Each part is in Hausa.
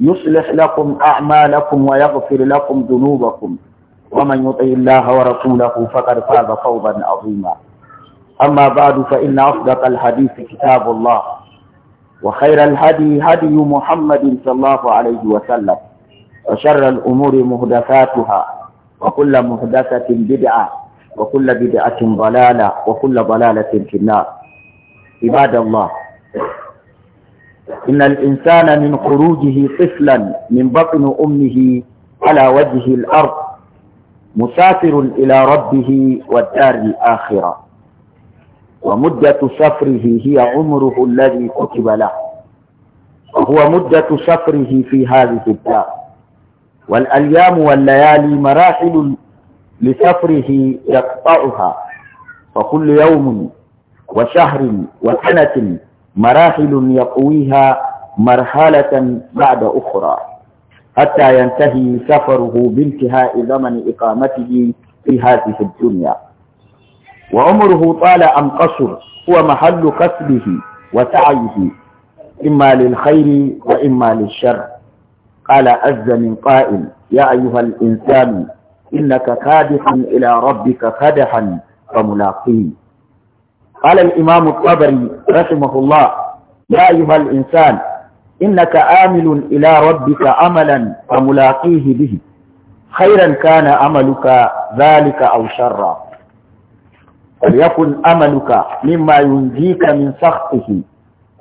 يصلح لكم أعمالكم ويغفر لكم ذنوبكم ومن يطع الله ورسوله فقد فاز فوضا عظيما أما بعد فإن أصدق الحديث كتاب الله وخير الهدي هدي محمد صلى الله عليه وسلم وشر الأمور مهدفاتها وكل مهدفة بدعة وكل بدعة ضلالة وكل ضلالة في النار عباد الله إن الإنسان من خروجه طفلا من بطن أمه على وجه الأرض مسافر إلى ربه والدار الآخرة ومدة سفره هي عمره الذي كتب له وهو مدة سفره في هذه الدار والأيام والليالي مراحل لسفره يقطعها فكل يوم وشهر وسنة مراحل يقويها مرحلة بعد أخرى حتى ينتهي سفره بانتهاء زمن إقامته في هذه الدنيا وعمره طال أم قصر هو محل كسبه وسعيه إما للخير وإما للشر قال عز من قائل يا أيها الإنسان إنك كادح إلى ربك كدحا فملاقيه قال الإمام الطبري رحمه الله يا أيها الإنسان إنك آمل إلى ربك أملا فملاقيه به خيرا كان أملك ذلك أو شرا فليكن أملك مما ينجيك من سخطه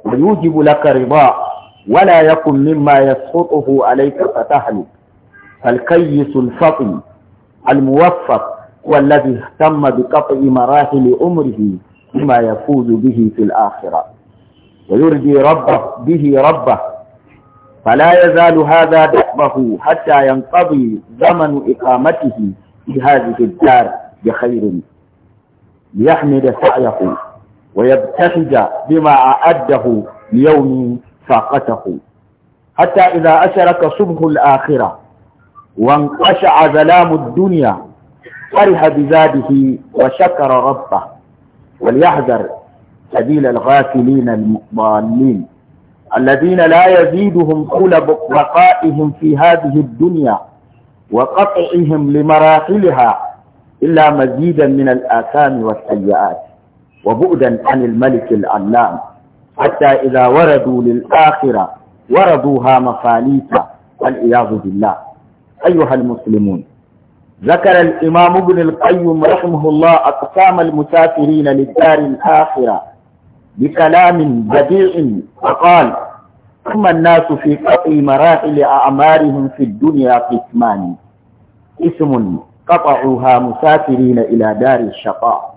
ويوجب لك رضاه ولا يكن مما يسخطه عليك فتهلك فالكيس الفطن الموفق والذي اهتم بقطع مراحل عمره بما يفوز به في الآخرة ويرجي ربه به ربه فلا يزال هذا دأبه حتى ينقضي زمن إقامته في هذه الدار بخير ليحمد سعيه ويبتهج بما أعده ليوم فاقته حتى إذا أشرك صبح الآخرة وانقشع ظلام الدنيا فرح بزاده وشكر ربه وليحذر سبيل الغافلين المضالين الذين لا يزيدهم طول بقائهم في هذه الدنيا وقطعهم لمراحلها إلا مزيدا من الآثام والسيئات وبعدا عن الملك العلام حتى إذا وردوا للآخرة وردوها مخاليفا والعياذ بالله أيها المسلمون ذكر الإمام ابن القيم رحمه الله أقسام المسافرين للدار الآخرة بكلام بديع فقال ثم الناس في قطع مراحل أعمارهم في الدنيا قسمان اسم قطعوها مسافرين إلى دار الشقاء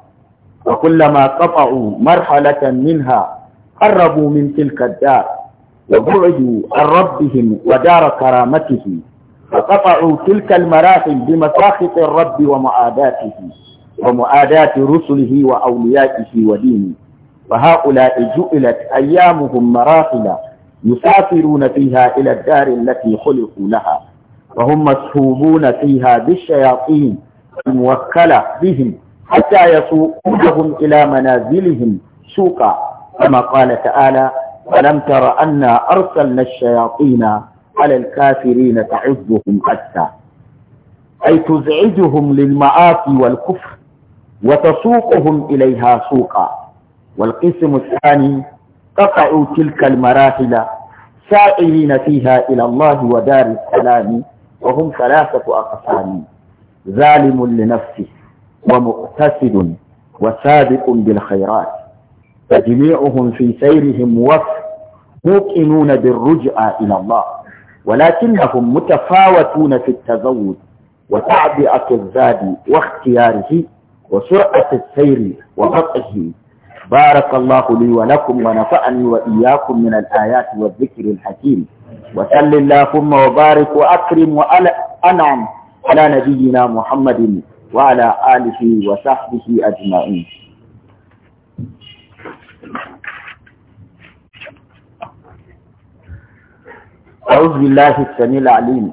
وكلما قطعوا مرحلة منها قربوا من تلك الدار وبعدوا عن ربهم ودار كرامته فقطعوا تلك المراحل بمساخط الرب ومعاداته ومعادات رسله وأوليائه ودينه فهؤلاء جئلت أيامهم مراحل يسافرون فيها إلى الدار التي خلقوا لها وهم مسحوبون فيها بالشياطين الموكلة بهم حتى يسوقونهم إلى منازلهم سوقا كما قال تعالى ألم تر أنا أرسلنا الشياطين على الكافرين تعزهم حتى أي تزعجهم للمعاصي والكفر وتسوقهم إليها سوقا والقسم الثاني تقع تلك المراحل سائرين فيها إلى الله ودار السلام وهم ثلاثة أقسام ظالم لنفسه ومقتصد وسابق بالخيرات فجميعهم في سيرهم وفق موقنون بالرجعة إلى الله ولكنهم متفاوتون في التزود وتعبئة الزاد واختياره وسرعة السير وبطئه بارك الله لي ولكم ونفعني وإياكم من الآيات والذكر الحكيم وسل اللهم وبارك وأكرم وأنعم على نبينا محمد وعلى آله وصحبه أجمعين أعوذ بالله السميع العليم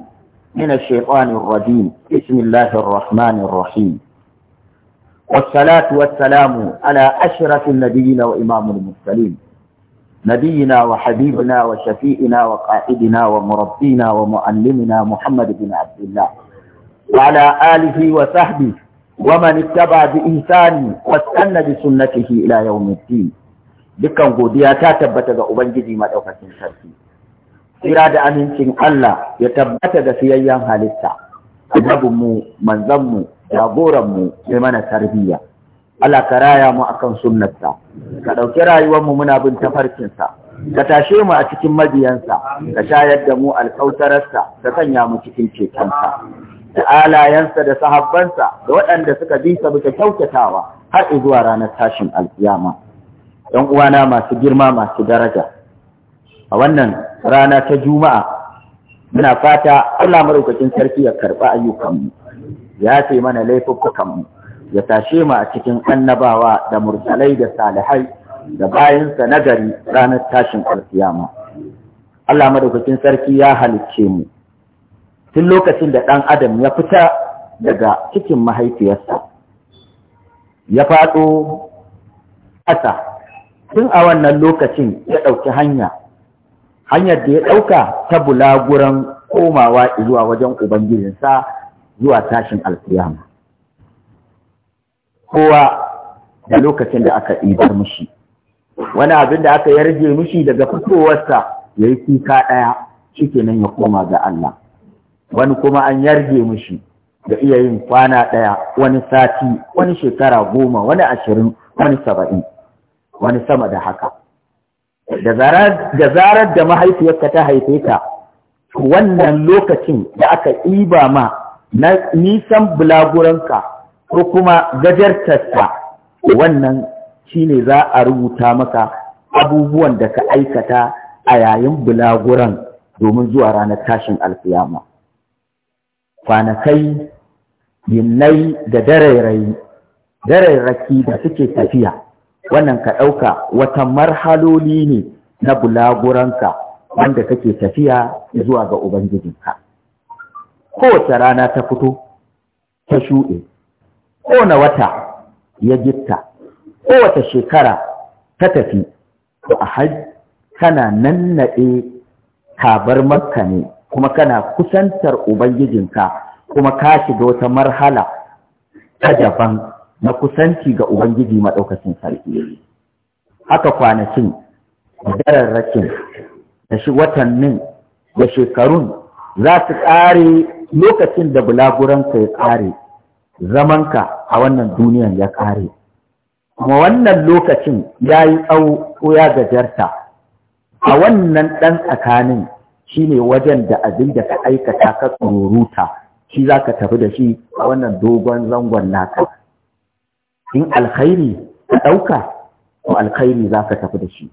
من الشيطان الرجيم بسم الله الرحمن الرحيم والصلاة والسلام على أشرف النبيين وإمام المرسلين نبينا وحبيبنا وشفيئنا وقائدنا ومربينا ومعلمنا محمد بن عبد الله وعلى آله وصحبه ومن اتبع بإنسان واستنى بسنته إلى يوم الدين بكم قد ta tabbata ga Ubangiji maɗaukakin tsira da amincin Allah ya tabbata da siyayyen halitta annabinmu manzanmu jagoranmu sai mana tarbiyya Allah ka raya mu akan sunnarsa ka ɗauki rayuwarmu muna bin tafarkinsa ka tashe mu a cikin mabiyansa ka shayar da mu alkautararsa ka sanya mu cikin cetonsa da alayensa da sahabbansa da waɗanda suka bi sa bisa kyautatawa har zuwa ranar tashin alkiyama ‘yan uwana masu girma masu daraja a wannan rana ta juma'a muna fata Allah maraukakin sarki ya karɓi ayyukanmu ya ce mana laifukukanmu ya tashe mu a cikin annabawa da mursalai da salihai da bayansa nagari ranar tashin alkiyama Allah madaukakin sarki ya halicce mu tun lokacin da ɗan adam ya fita daga cikin mahaifiyarsa ya faɗo ƙasa tun a wannan lokacin ya ɗauki hanya hanyar da ya ɗauka ta bulaguran komawa zuwa wajen ubangijinsa zuwa tashin alkiyama kowa da lokacin da aka ɗibar mushi wani abin da aka yarje mushi daga fitowarsa ya yi kuka ɗaya shi nan ya koma ga Allah wani kuma an yarje mushi da iya yin kwana ɗaya wani sati wani shekara goma wani ashirin wani saba'in wani sama da haka da zarar da mahaifiyarka ta haife ka wannan lokacin da aka ɗiba ma na nisan bulaguranka ko kuma gajartarsa wannan shine za a rubuta maka abubuwan da ka aikata a yayin bulaguran domin zuwa ranar tashin alfiyama kwanakai yinnai da darairayi da suke tafiya wannan ka ɗauka wata marhaloli ne na bulaguranka wanda kake tafiya zuwa ga Ubangijinka. Kowace rana ta fito, ta shuɗe, kowane wata ya gitta, kowace shekara ta tafi, Ko a haji kana nannaɗe kabar makka ne, kuma kana kusantar Ubangijinka, kuma ka shiga wata marhala ta daban na kusanci ga Ubangiji maɗaukacin sarki. Haka kwanakin, dararrakin, da shi watannin, da shekarun za su ƙare lokacin da bulaguranka ya ƙare, zamanka a wannan duniyan ya ƙare. Kuma wannan lokacin ya yi tsawo ko ya gajarta, a wannan ɗan tsakanin shi ne wajen da abin da ka aikata ka tsoruta, shi za ka tafi da shi a wannan dogon zangon naka. in alkhairi ka ɗauka to alkhairi za ka tafi da shi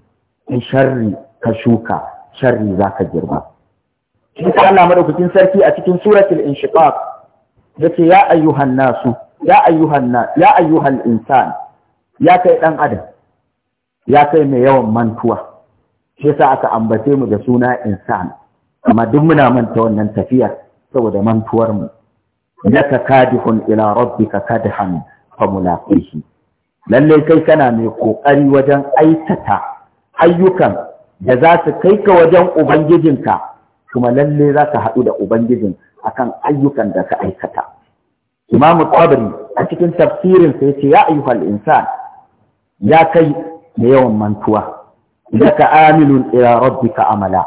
in sharri ka shuka sharri za ka girma shi ta Allah madaukakin sarki a cikin suratul inshiqaq yace ya ayyuhan nasu ya ayyuhan ya ayyuhal insan ya kai dan adam ya kai mai yawan mantuwa shi yasa aka ambace mu da suna insan amma duk muna manta wannan tafiyar saboda mantuwar mu innaka kadihun ila rabbika kadhan fa mulaqihi kai kana mai kokari wajen aikata ayyukan da za su kai ka wajen ubangijinka kuma lallai za ka haɗu da ubangijin akan ayyukan da ka aikata imam qabri a cikin tafsirin sa yace ya ayyuhal insan ya kai da yawan mantuwa innaka amilun ila rabbika amala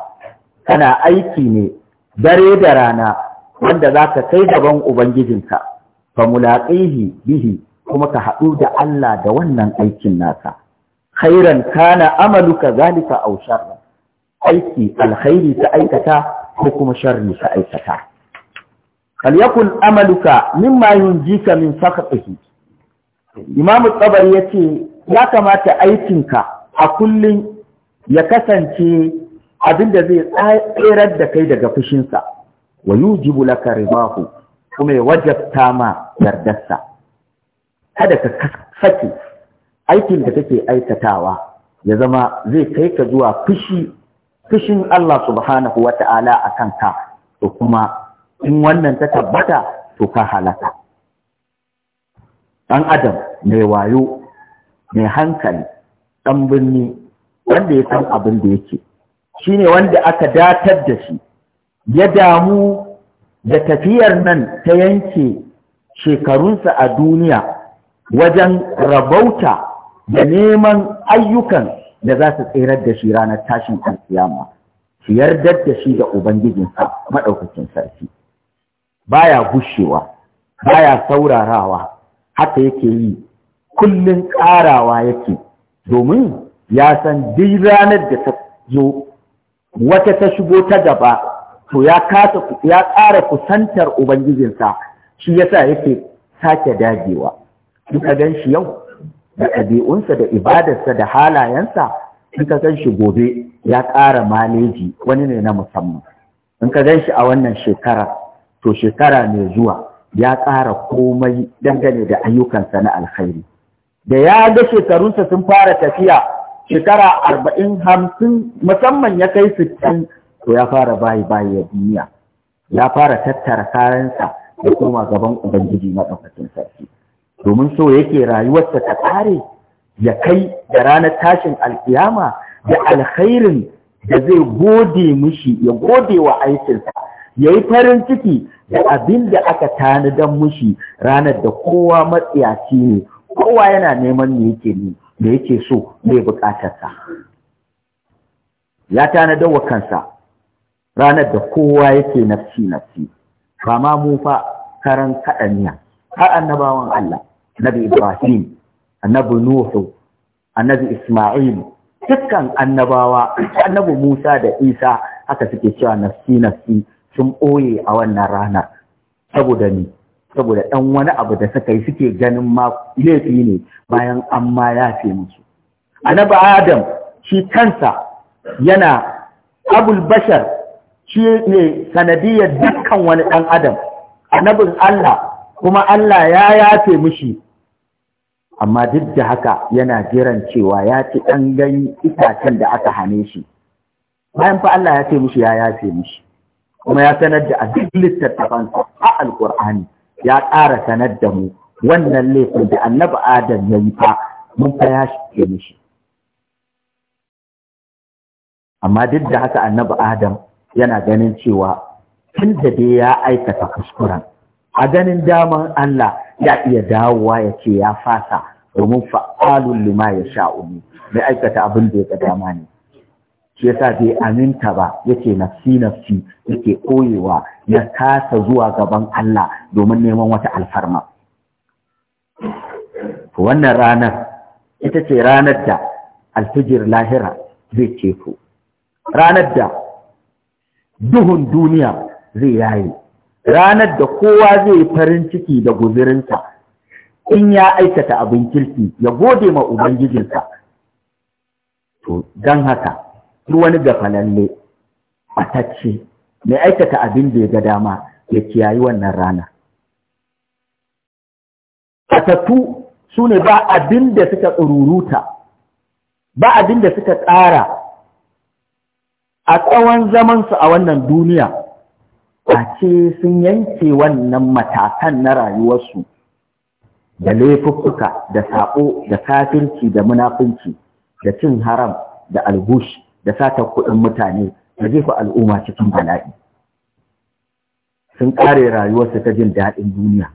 kana aiki ne dare da rana wanda za ka kai gaban ubangijinka fa mulaqihi bihi kuma ka haɗu da Allah da wannan aikin naka khairan kana amaluka zalika aw sharra aiki alkhairi ta aikata ko kuma sharri ta aikata falyakun amaluka mimma yunjika min sakatihi imam tsabari yace ya kamata aikinka a kullum ya kasance abinda zai tserar da kai daga fushinsa wa yujibu laka ribahu kuma ya wajabta ma yardarsa kada ka sake aikin da kake aikatawa ya zama zai kai ka zuwa fushi fushin Allah subhanahu wa ta'ala a kanka to kuma in wannan ta tabbata to ka halaka ɗan adam mai wayo mai hankali ɗan birni wanda ya san abin da yake shi ne wanda aka datar da shi ya damu da tafiyar nan ta yanke shekarunsa a duniya wajen rabauta da neman ayyukan da za su tserar da shi ranar tashin alkiyama shi yardar da shi da ubangijinsa maɗaukacin sarki baya gushewa baya saurarawa haka yake yi kullum ƙarawa yake domin ya san duk ranar da ta zo wata ta shigo ta gaba to ya ƙara kusantar ubangijinsa shi yasa yake sake dagewa kika gan shi yau da ɗabi'unsa da ibadarsa da halayensa in ka gan shi gobe ya ƙara maleji wani ne na musamman in ka gan shi a wannan shekara to shekara mai zuwa ya ƙara komai dangane da ayyukansa na alkhairi da ya ga shekarunsa sun fara tafiya shekara arba'in hamsin musamman ya kai sittin to ya fara bayi bayi ya duniya ya fara tattara kayansa da koma gaban ubangiji na ɗaukacin sarki domin so yake rayuwarsa ta ƙare ya kai da ranar tashin alkiyama da alkhairin da zai gode mushi ya gode wa aikinsa ya yi farin ciki da abin da aka tani don mushi ranar da kowa matsiyaci ne kowa yana neman ne yake ne da yake so mai bukatarsa ya tani wa kansa ranar da kowa yake nafci nafci ba ma mu fa karan kaɗaniya har annabawan Allah annabi Ibrahim annabi Nuhu annabi Isma'il dukkan annabawa annabi Musa da Isa haka suke cewa nafsi nafsi sun ɓoye a wannan ranar saboda ni saboda ɗan wani abu da suka yi suke ganin ma laifi ne bayan an ma yafe musu annabi Adam shi kansa yana abul bashar shi ne sanadiyar dukkan wani ɗan adam annabin Allah kuma Allah ya yafe mishi amma duk da haka yana jiran cewa ya ci ɗan gani itacen da aka hane shi bayan fa Allah ya ce mishi ya yafe mishi kuma ya sanar da a duk littattafan a alƙur'ani ya ƙara sanar da mu wannan laifin da annabi Adam ya yi fa mun fa ya shi mishi amma duk da haka annabi Adam yana ganin cewa tun da dai ya aikata kuskuren a ganin daman Allah ya iya dawowa ya ce ya fasa domin fa'alun lima ya sha'uni mai aikata abin da ya ga dama ne shi yasa bai aminta ba yake nafsi nafsi yake koyewa ya kasa zuwa gaban Allah domin neman wata alfarma wannan ranar ita ce ranar da alfijir lahira zai ceto ranar da duhun duniya zai yaye ranar da kowa zai yi farin ciki da guzurinsa in ya aikata abin kirki ya gode ma ubangijinsa to don haka duk wani gafalalle ɓatacce mai aikata abin da ya ga dama ya kiyayi wannan rana ɓatattu su ne ba abin da suka tsururuta ba abin da suka tsara a tsawon zamansu a wannan duniya ce sun yanke wannan matakan na rayuwarsu da laifuffuka da saƙo da kafirci da munafunci da cin haram da albush da sata kuɗin mutane da jefa al'umma cikin bala'i sun ƙare rayuwarsu ta jin daɗin duniya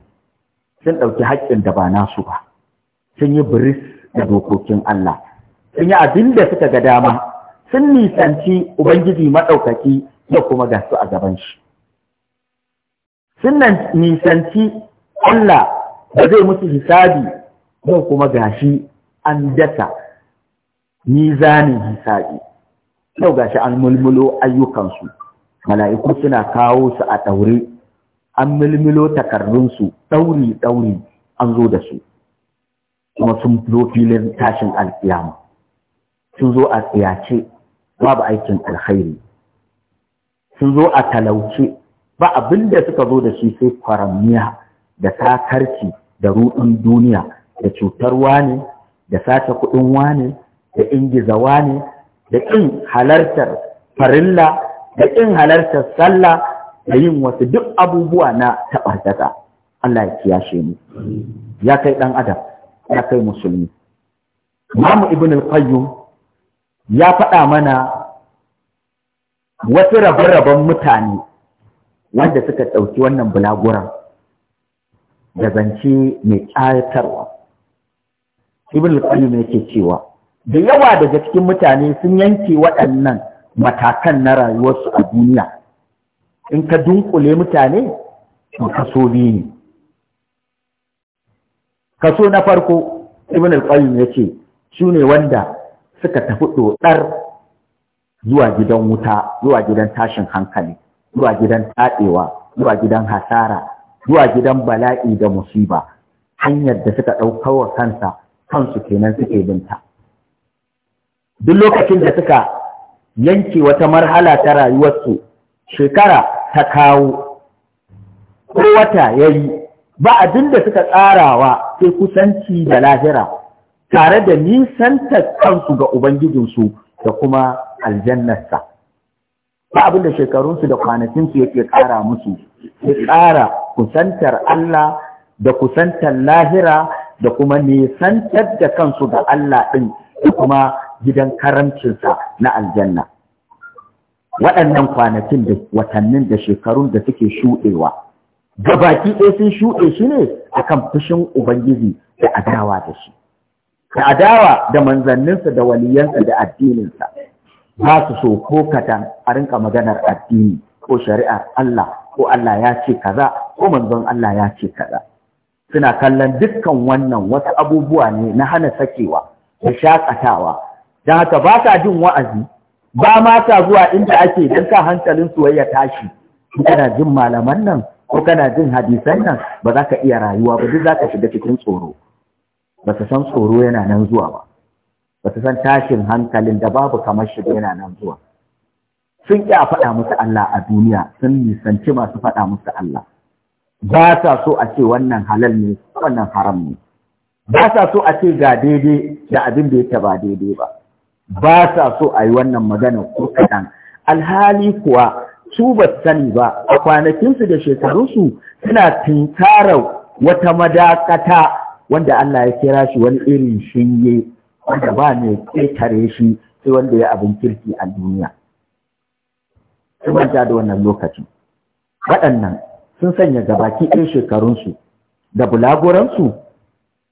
sun ɗauki haƙƙin da ba nasu ba sun yi biris da dokokin Allah sun yi abin da suka ga dama sun nisanci Ubangiji maɗaukaki da kuma gasu a gaban shi. sun nisanci Allah da zai musu hisabi ko kuma gashi an dasa nizanin hisabi yau gashi an mulmulo ayyukansu mala'iku suna kawo su a ɗaure an mulmulo takardunsu ɗauri-ɗauri an zo da su kuma sun zo filin tashin alkiyama sun zo a tsiyace babu aikin alkhairi sun zo a talauce ba abin da suka zo da shi sai kwaramiya da sakarci da ruɗin duniya da cutar wane da sace kuɗin wane da ingiza wane da ƙin halartar farilla da ƙin halartar sallah da yin wasu duk abubuwa na taɓartaka Allah ya kiyashe mu ya kai ɗan adam ya kai musulmi Mamu Ibn al-Qayyim ya faɗa mana wasu rabe-raben mutane wanda suka ɗauki wannan bulaguran da zance mai ƙayatarwa ibn al yake cewa da yawa daga cikin mutane sun yanke waɗannan matakan na rayuwarsu a duniya in ka dunkule mutane to kaso biyu ne kaso na farko ibn al-qayyim yace su ne wanda suka tafi ɗoɗar zuwa gidan wuta zuwa gidan tashin hankali zuwa gidan taɗewa zuwa gidan hasara zuwa gidan bala'i da musiba hanyar da suka ɗaukawa kansa kansu kenan suke binta duk lokacin da suka yanke wata marhala ta rayuwarsu shekara ta kawo ko wata ya yi ba abin da suka tsarawa sai kusanci da lahira tare da nisantar kansu ga Ubangijinsu da kuma aljannarsa. ba abin da shekarunsu da kwanakinsu yake ƙara musu ya ƙara kusantar Allah da kusantar lahira da kuma nisantar da kansu ga Allah ɗin da kuma gidan karamcinsa na aljanna waɗannan kwanakin da watannin da shekarun da suke shuɗewa gabaki ɗaya sun shuɗe shi ne akan fushin ubangiji da adawa da shi da adawa da manzanninsa da waliyansa da addininsa ba su so ko kadan a rinka maganar addini ko shari'ar Allah ko Allah ya ce kaza ko manzon Allah ya ce kaza suna kallon dukkan wannan wasu abubuwa ne na hana sakewa da shakatawa don haka ba sa jin wa'azi ba ma sa zuwa inda ake don sa hankalin su tashi tashi kana jin malaman nan ko kana jin hadisan nan ba za ka iya rayuwa ba duk za ka shiga cikin tsoro ba ka san tsoro yana nan zuwa ba ba su san tashin hankalin da babu kamar shi yana nan zuwa sun ƙi a faɗa musu Allah a duniya sun nisanci masu faɗa musu Allah ba sa so a ce wannan halal ne wannan haram ne ba sa so a ce ga daidai da abin da yake ba daidai ba ba sa so a yi wannan magana ko kaɗan alhali kuwa su ba sani ba a kwanakinsu da shekarunsu suna tinkarar wata madakata wanda Allah ya kira shi wani irin shinge wanda ba mai ƙetare shi sai wanda ya abin kirki a duniya Sun manta da wannan lokacin waɗannan sun sanya gabaki ɗaya shekarunsu da bulaguransu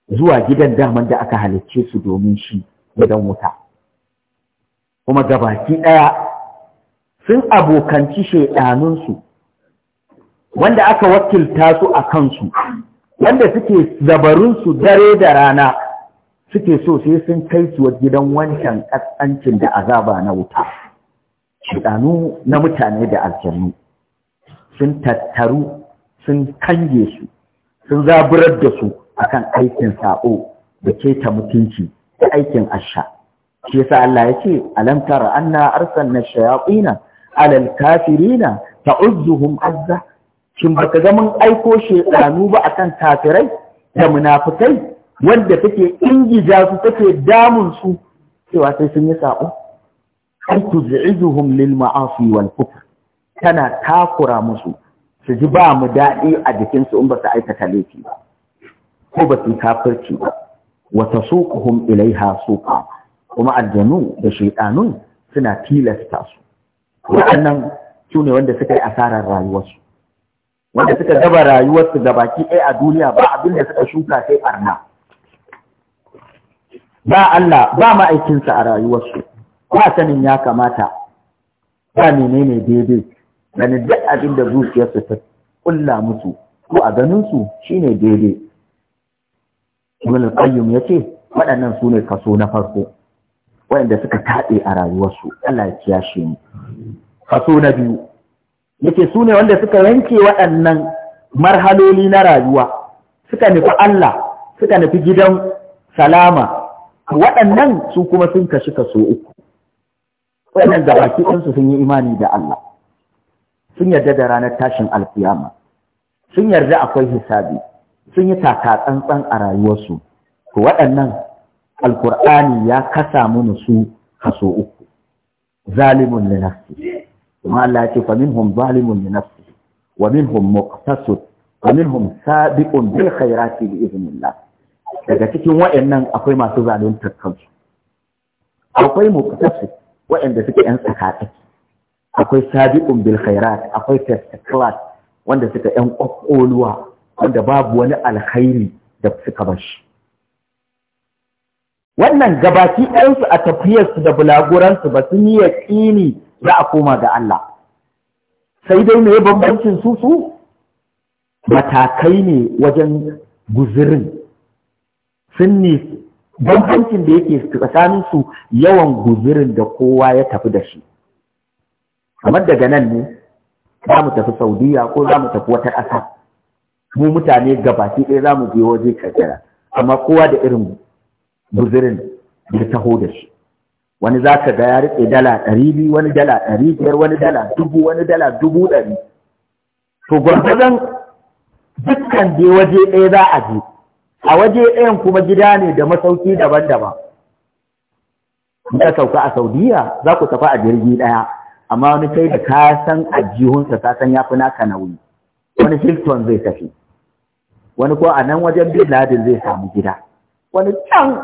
zuwa gidan daman da aka halicce su domin shi gidan wuta kuma gabaki ɗaya sun abokanci shaiɗanunsu wanda aka wakilta su a kansu wanda suke zabarunsu dare da rana suke so sai sun kai su wa gidan wancan ƙasƙancin da azaba na wuta shiɗanu na mutane da aljannu sun tattaru sun kange su sun zaburar da su akan aikin sa'o da keta mutunci da aikin asha shi yasa Allah ya ce "Alamtar tara anna na shayaƙina, alal kafirina uzuhun azza shin baka ga aiko shedanu ba akan kafirai da munafukai wadda take ingija su take damun su cewa sai sun yi sabo an zu'izuhum lil ma'asi wal kufr tana takura musu su ji ba mu daɗi a jikinsu in ba su aikata laifi ba ko ba su kafirci ba wa tasuquhum ilaiha suqa kuma aljanu da shaytanun suna tilasta su Wannan su ne wanda suka yi asarar rayuwarsu wanda suka gaba rayuwarsu da baki ɗaya a duniya ba abin da suka shuka sai arna. ba Allah ba ma'aikinsa a rayuwarsu ba sanin ya kamata ba menene daidai ganin duk abin da zuciyarsu ta kulla musu ko a ganinsu shi ne daidai Ibn al-Qayyim yace waɗannan su ne kaso na farko waɗanda suka taɗe a rayuwarsu Allah ya kiyashe mu kaso na biyu yace su ne wanda suka yanke waɗannan marhaloli na rayuwa suka nufi Allah suka nufi gidan salama waɗannan su kuma sun kashi kaso uku waɗannan da baki ɗansu sun yi imani da Allah sun yarda da ranar tashin alkiyama sun yarda akwai hisabi sun yi taka tsantsan a rayuwarsu to waɗannan alkur'ani ya kasa mana su kaso uku zalimun li nafsi kuma Allah ya ce fa minhum zalimun li nafsi wa minhum muqtasid wa minhum sabiqun bil khairati bi idhnillah daga cikin waɗannan akwai masu zanen tattalci akwai muqtasi waɗanda suke yan tsakatsaki akwai sabiƙun bil akwai testiklas wanda suka yan ƙwaƙoluwa wanda babu wani alkhairi da suka bashi wannan gabaki ɗansu a tafiyarsu da bulaguransu ba sun yi ƙini za a koma ga Allah sai dai me bambancin susu. matakai ne wajen guzirin sun ne bambancin da yake tsakanin su yawan guzurin da kowa ya tafi da shi kamar daga nan ne za mu tafi saudiya ko za mu tafi wata ƙasa mu mutane gabaki ɗaya za mu je waje kankara amma kowa da irin guzurin da taho da shi wani za ka ga ya riƙe dala ɗari biyu wani dala ɗari biyar wani dala dubu wani dala dubu ɗari to gwargwadon dukkan je waje ɗaya za a je a waje ɗayan kuma gida ne da masauki daban-daban ka sauka a saudiya za ku tafi a jirgi ɗaya amma wani kai da ka san ajihunsa ka san ya fi naka nauyi wani hilton zai tafi wani ko a nan wajen bin ladin zai samu gida wani can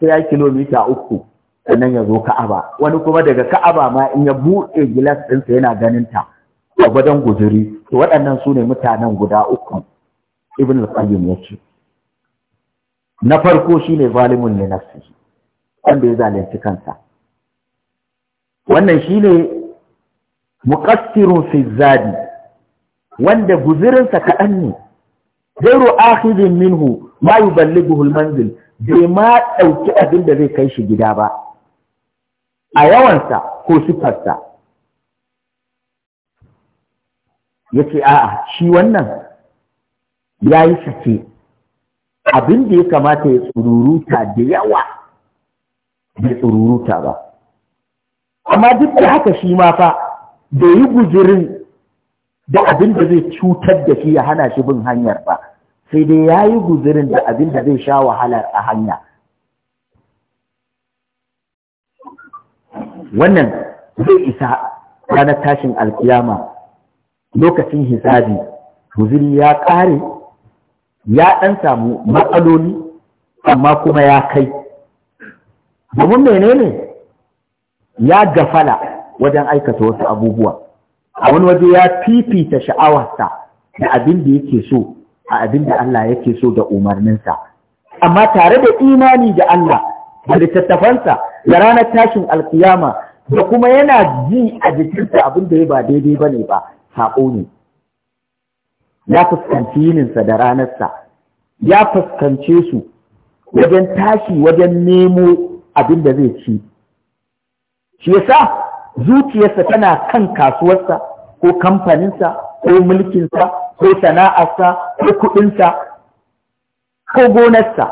sai ya kilomita uku sannan ya zo ka'aba wani kuma daga ka'aba ma in ya buɗe gilas ɗinsa yana ganin ta a guduri to waɗannan su ne mutanen guda uku ibn al-qayyim ya ce na farko shine zalimun ne nafsihi wanda ya zalunci kansa wannan shine ne fi fizzadi, wanda guzirinsa kaɗan ne gairu akhidin minhu ma yuballighuhu almanzil bai ma ɗauki abin da zai kai shi gida ba a yawansa ko sifarsa ya ce a'a shi wannan ya yi sake abin da ya kamata ya tsururuta da yawa bai tsururuta ba amma duk da haka shi ma fa da yi gujirin da abin da zai cutar da shi ya hana shi bin hanyar ba sai dai ya yi guzirin da abin da zai sha wahalar a hanya wannan zai isa ranar tashin alkiyama lokacin hisabi guziri ya ƙare ya ɗan samu matsaloli amma kuma ya kai domin menene ya gafala wajen aikata wasu abubuwa a wani waje ya fifita sha'awarsa da abin da yake so a abin da Allah yake so da umarninsa amma tare da imani da Allah da littattafansa da ranar tashin alkiyama da kuma yana ji a jikinsa abin da ya ba daidai ba ne ba saƙo ne ya fuskanci yininsa da ranarsa ya fuskance su wajen tashi wajen nemo abin da zai ci shi yasa zuciyarsa tana kan kasuwarsa ko kamfaninsa ko mulkinsa ko sana'arsa ko kuɗinsa ko gonarsa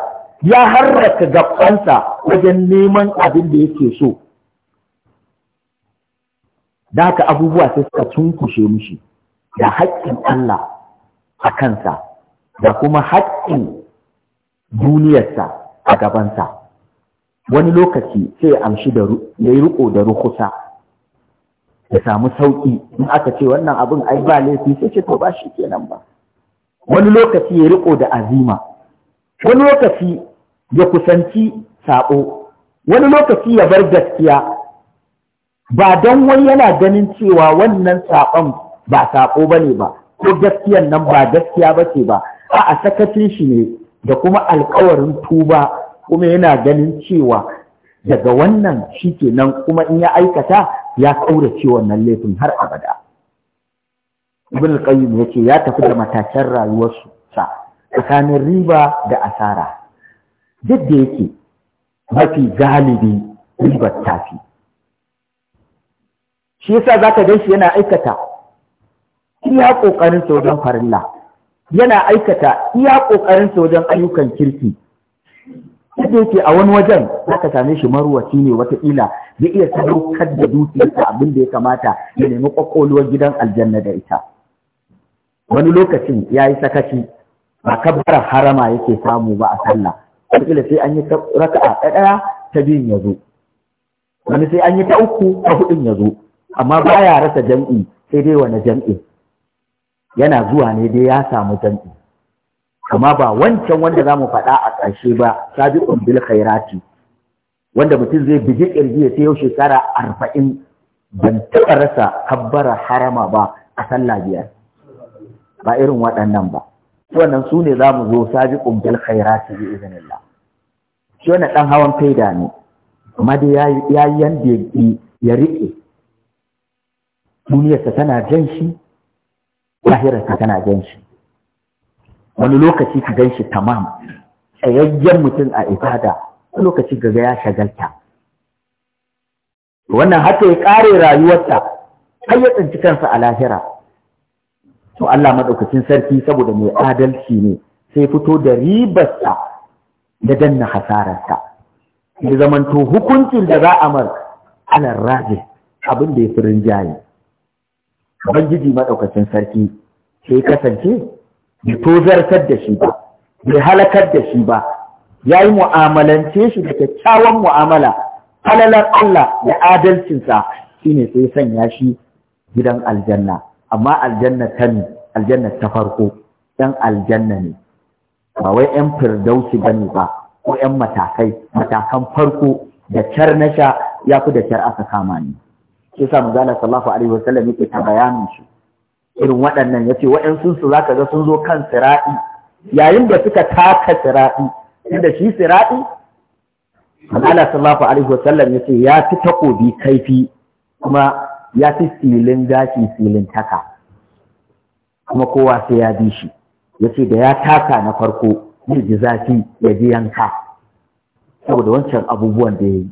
ya harraka gabansa wajen neman abin da yake so da haka abubuwa sai suka cunkushe mushi da haƙƙin Allah a kansa da kuma haƙƙin duniyarsa a gabansa wani lokaci sai amshi da ya yi riko da rukusa ya samu sauƙi in aka ce wannan abin ai ba laifi sai ce to ba shi kenan ba wani lokaci ya riko da azima wani lokaci ya kusanci saɓo wani lokaci ya bar gaskiya ba don wani yana ganin cewa wannan saɓon ba saɓo ba ne ba ko gaskiyan nan ba gaskiya ba ce ba a sakacin shi ne da kuma alkawarin tuba kuma yana ganin cewa daga wannan shi ke nan kuma in ya aikata ya kaurace wannan laifin har abada ibn al ya ce ya tafi da matakan rayuwarsu sa tsakanin riba da asara duk da yake mafi galibi ribar tafi shi yasa zaka gan shi yana aikata iya ƙoƙarin sojan farilla yana aikata iya ƙoƙarin sojan ayyukan kirki yadda yake a wani wajen zaka same shi marwaci ne wataƙila ya iya sadaukar da dukiyarsa abin da ya kamata ya nemi ƙwaƙwaluwar gidan aljanna da ita wani lokacin ya yi sakaci ba kabbarar harama yake samu ba a sallah wataƙila sai an yi raka'a ɗaya ta biyun ya zo wani sai an yi ta uku ta huɗun ya zo amma baya rasa jam'i sai dai wani jam'i yana zuwa ne dai ya samu jam'i amma ba wancan wanda za mu faɗa a ƙarshe ba sabiqun bil khairati wanda mutum zai biji ƙirji ya ce yau shekara arba'in ban taɓa rasa kabbara harama ba a sallah biyar ba irin waɗannan ba wannan su ne za mu zo sabiqun bil khairati bi iznillah shi wannan ɗan hawan faida ne amma dai ya yi yanda ya riƙe duniyarsa tana jan shi lahirarka tana gan shi wani lokaci ka gan shi tamam tsayayyen mutum a ibada wani lokaci ga ya shagalta wannan haka ya ƙare rayuwarta, har ya tsinci kansa a lahira to Allah madaukakin sarki saboda mai adalci ne sai fito da ribarsa da danna hasararsa ya zamanto hukuncin da za a mar alar raji abin da ya fi rinjaye ubangiji maɗaukacin sarki sai kasance bai tozartar da shi ba bai halakar da shi ba ya yi mu'amalance shi da kyakkyawan mu'amala halalar Allah da adalcinsa shine sai sanya shi gidan aljanna amma aljanna ta ne aljanna ta farko Yan aljanna ne ba wai ‘yan firdausi ba ne ba ko ‘yan matakai matakan farko da car na sha ya fi da car aka kama ni. shi yasa manzala sallallahu alaihi wasallam yake ta bayanin shi irin waɗannan yace waɗansu su zaka ga sun zo kan sira'i yayin da suka taka sira'i inda shi sira'i manzala sallallahu alaihi wasallam yace ya fi takobi kaifi kuma ya fi silin gashi silin taka kuma kowa sai ya bi shi yace da ya taka na farko zai zafi ya ji yanka saboda wancan abubuwan da ya yi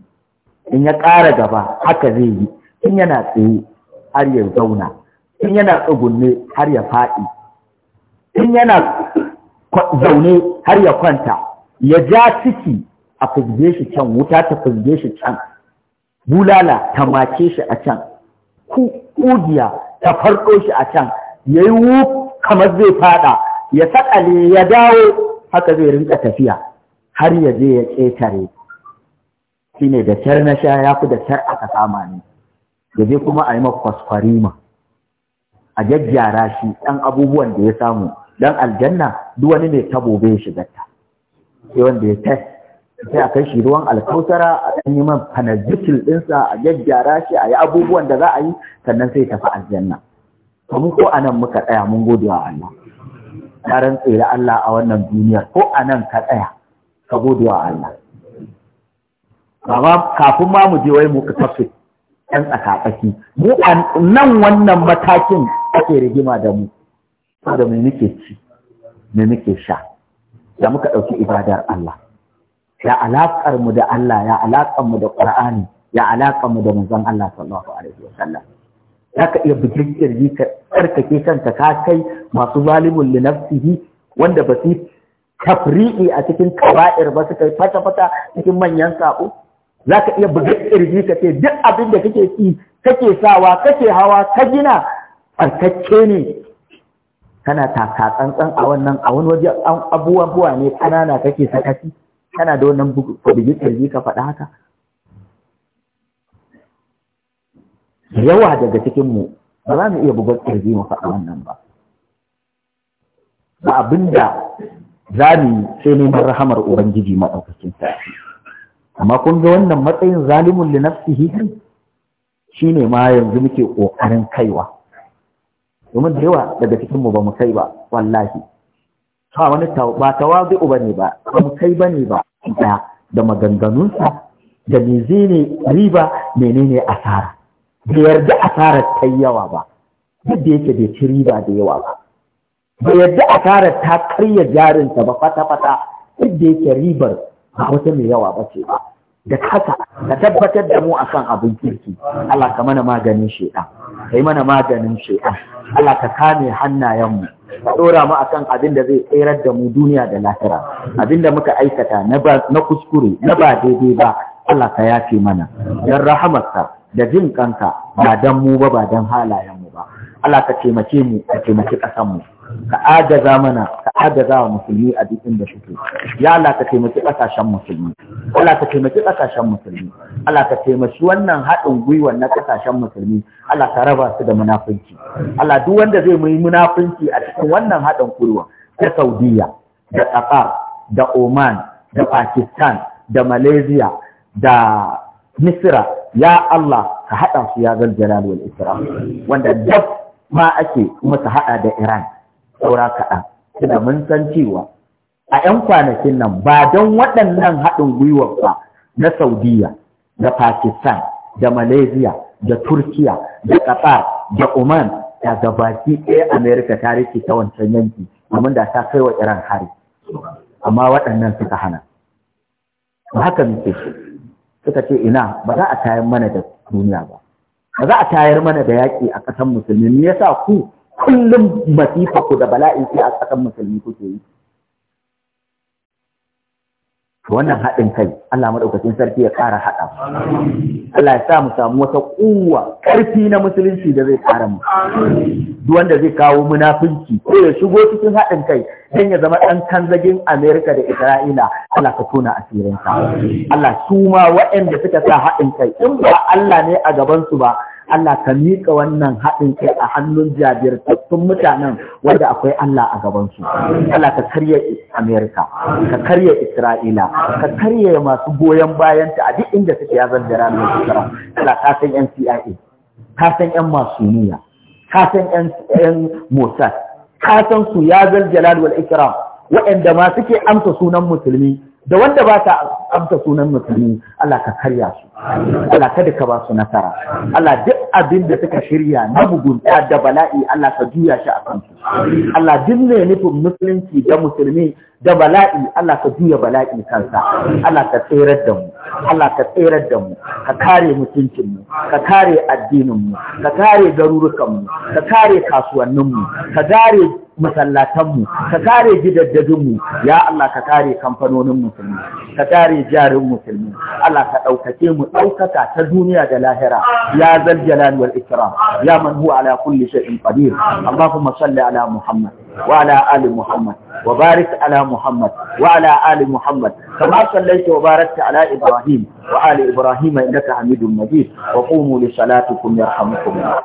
in ya ƙara gaba haka zai yi in yana tsaye har ya zauna in yana tsugunne har ya faɗi in yana zaune har ya kwanta ya ja ciki a fuzge shi can wuta ta fuzge shi can bulala ta mace shi a can kugiya ta farko shi a can ya yi wu kamar zai faɗa. ya saƙale ya dawo haka zai rinka tafiya har ya je ya ƙetare shi ne da na sha ya fi da shar aka kama ne ya je kuma a yi kwaskwarima a jajjara shi ɗan abubuwan da ya samu ɗan aljanna duk wani mai tabo bai shiga ta sai wanda ya ta sai a kai shi ruwan alkausara a ɗan yi man panazikil ɗinsa a jajjara shi a yi abubuwan da za a yi sannan sai tafi aljanna kuma ko anan muka tsaya mun gode wa Allah Karan tsere Allah a wannan duniyar ko anan ka tsaya ka gode wa Allah kafin ma mu je wai mu ka tafi ɗan tsakatsaki mu a nan wannan matakin ake rigima da mu da me muke ci me muke sha da muka ɗauki ibadar Allah ya alaƙar mu da Allah ya alaƙar mu da ƙur'ani ya alaƙar mu da manzon Allah sallallahu alaihi wa sallam ka iya bugin kirji ka tsarkake kanka ka kai masu zalibin li wanda ba su tafri'i a cikin kaba'ir ba suka fata fata cikin manyan sako za ka iya buga ƙirji ka ce duk abin da kake ci kake sawa kake hawa ka gina tsarkake ne kana taka tsantsan a wannan a wani waje abubuwa ne kanana kake sakaci kana da wannan bugi ƙirji ka faɗa haka yawa daga cikinmu ba za mu iya buga ƙirji mu faɗa wannan ba ba abinda za mu sai neman rahamar ubangiji maɗaukakin sarki amma kun ga wannan matsayin zalimun li nafsihi ne ma yanzu muke ƙoƙarin kaiwa domin da yawa daga cikin mu ba mu kai ba wallahi ha wani ba tawazu bane ba ba mu kai bane ba da da maganganunsa da ne riba menene asara bai yarda asarar ta yawa ba duk da yake bai ci riba da yawa ba bai yarda asarar ta karya jarinsa ba fata-fata duk da yake ribar ba wata mai yawa ba ce ba da haka ka tabbatar da mu akan abin kirki Allah ka mana maganin Ka yi mana maganin shedan Allah ka kame hannayenmu ka dora mu akan abin da zai tsirar da mu duniya da lahira abin da muka aikata na kuskure na ba daidai ba Allah ka yafe mana dan rahamarka da jin kanka ba dan mu ba ba dan mu ba Allah ka taimake mu ka taimaki kasan mu ka agaza mana ka agaza wa musulmi a duk da suke ya Allah ka taimaki kasashen musulmi Allah ka taimaki kasashen musulmi Allah ka taimaki wannan haɗin gwiwa na kasashen musulmi Allah ka raba su da munafunci Allah duk wanda zai mai munafunci a cikin wannan haɗin gwiwa ta Saudiya da Qatar da Oman da Pakistan da Malaysia da Misra ya Allah ka haɗa su ya zal jalal wal ikram wanda dab ma ake kuma ka haɗa da Iran saura kaɗan tunda mun san cewa a 'yan kwanakin nan ba don waɗannan haɗin gwiwar ba na saudiya da pakistan da malaysia da turkiya da qatar da oman da gabaki ɗaya amerika ta rike ta wancan yanki domin da ta kai wa iran hari amma waɗannan suka hana ba haka muke shi, suka ce ina ba za a tayar mana da duniya ba ba za a tayar mana da yaƙi a ƙasar musulmi me yasa ku kullum masifa ku da bala'in sai a tsakan musulmi kuke yi wannan haɗin kai Allah maɗaukacin sarki ya ƙara haɗa Allah ya sa mu samu wata ƙuwa ƙarfi na musulunci da zai ƙara mu duk wanda zai kawo munafunci ko ya shigo cikin haɗin kai don ya zama ɗan kanzagin Amerika da Isra'ila Allah ka tona asirinsa Allah su ma waɗanda suka sa haɗin kai in ba Allah ne a gabansu ba Allah ka miƙa wannan haɗin kai a hannun jajirtattun mutanen wanda akwai Allah a gabansu. Allah ka karya Amerika, ka karya Isra'ila, ka karya masu goyon bayanta a duk inda suke zan da ranar shekara. Allah ka san yan CIA, ka san yan masuniya, ka san yan Mossad, ka san su ya zan jalal wal ikram waɗanda ma suke amsa sunan musulmi da wanda ba ta amsa sunan musulmi Allah ka karya su Allah kada ka ba su nasara Allah duk abin da suka shirya na bugun da bala'i Allah ka juya shi a kansu Allah duk ne nufin musulunci da musulmi da bala'i Allah ka juya bala'i kansa Allah ka tserar da mu Allah ka tserar da mu ka kare mutuncin mu ka kare addinin mu ka kare garurukan mu ka kare kasuwannin mu ka kare masallatanmu ka kare gidaddadinmu ya Allah ka kare kamfanonin musulmi ka kare jarin musulmi Allah ka ɗaukake mu ɗaukaka ta duniya da lahira ya zal jalal wal ikram ya man huwa ala kulli shay'in qadir allahumma salli ala muhammad wa ala ali muhammad wa barik ala muhammad wa ala ali muhammad kama sallaita wa ala ibrahim wa ali ibrahim innaka hamidum majid wa salatu li salatikum yarhamukum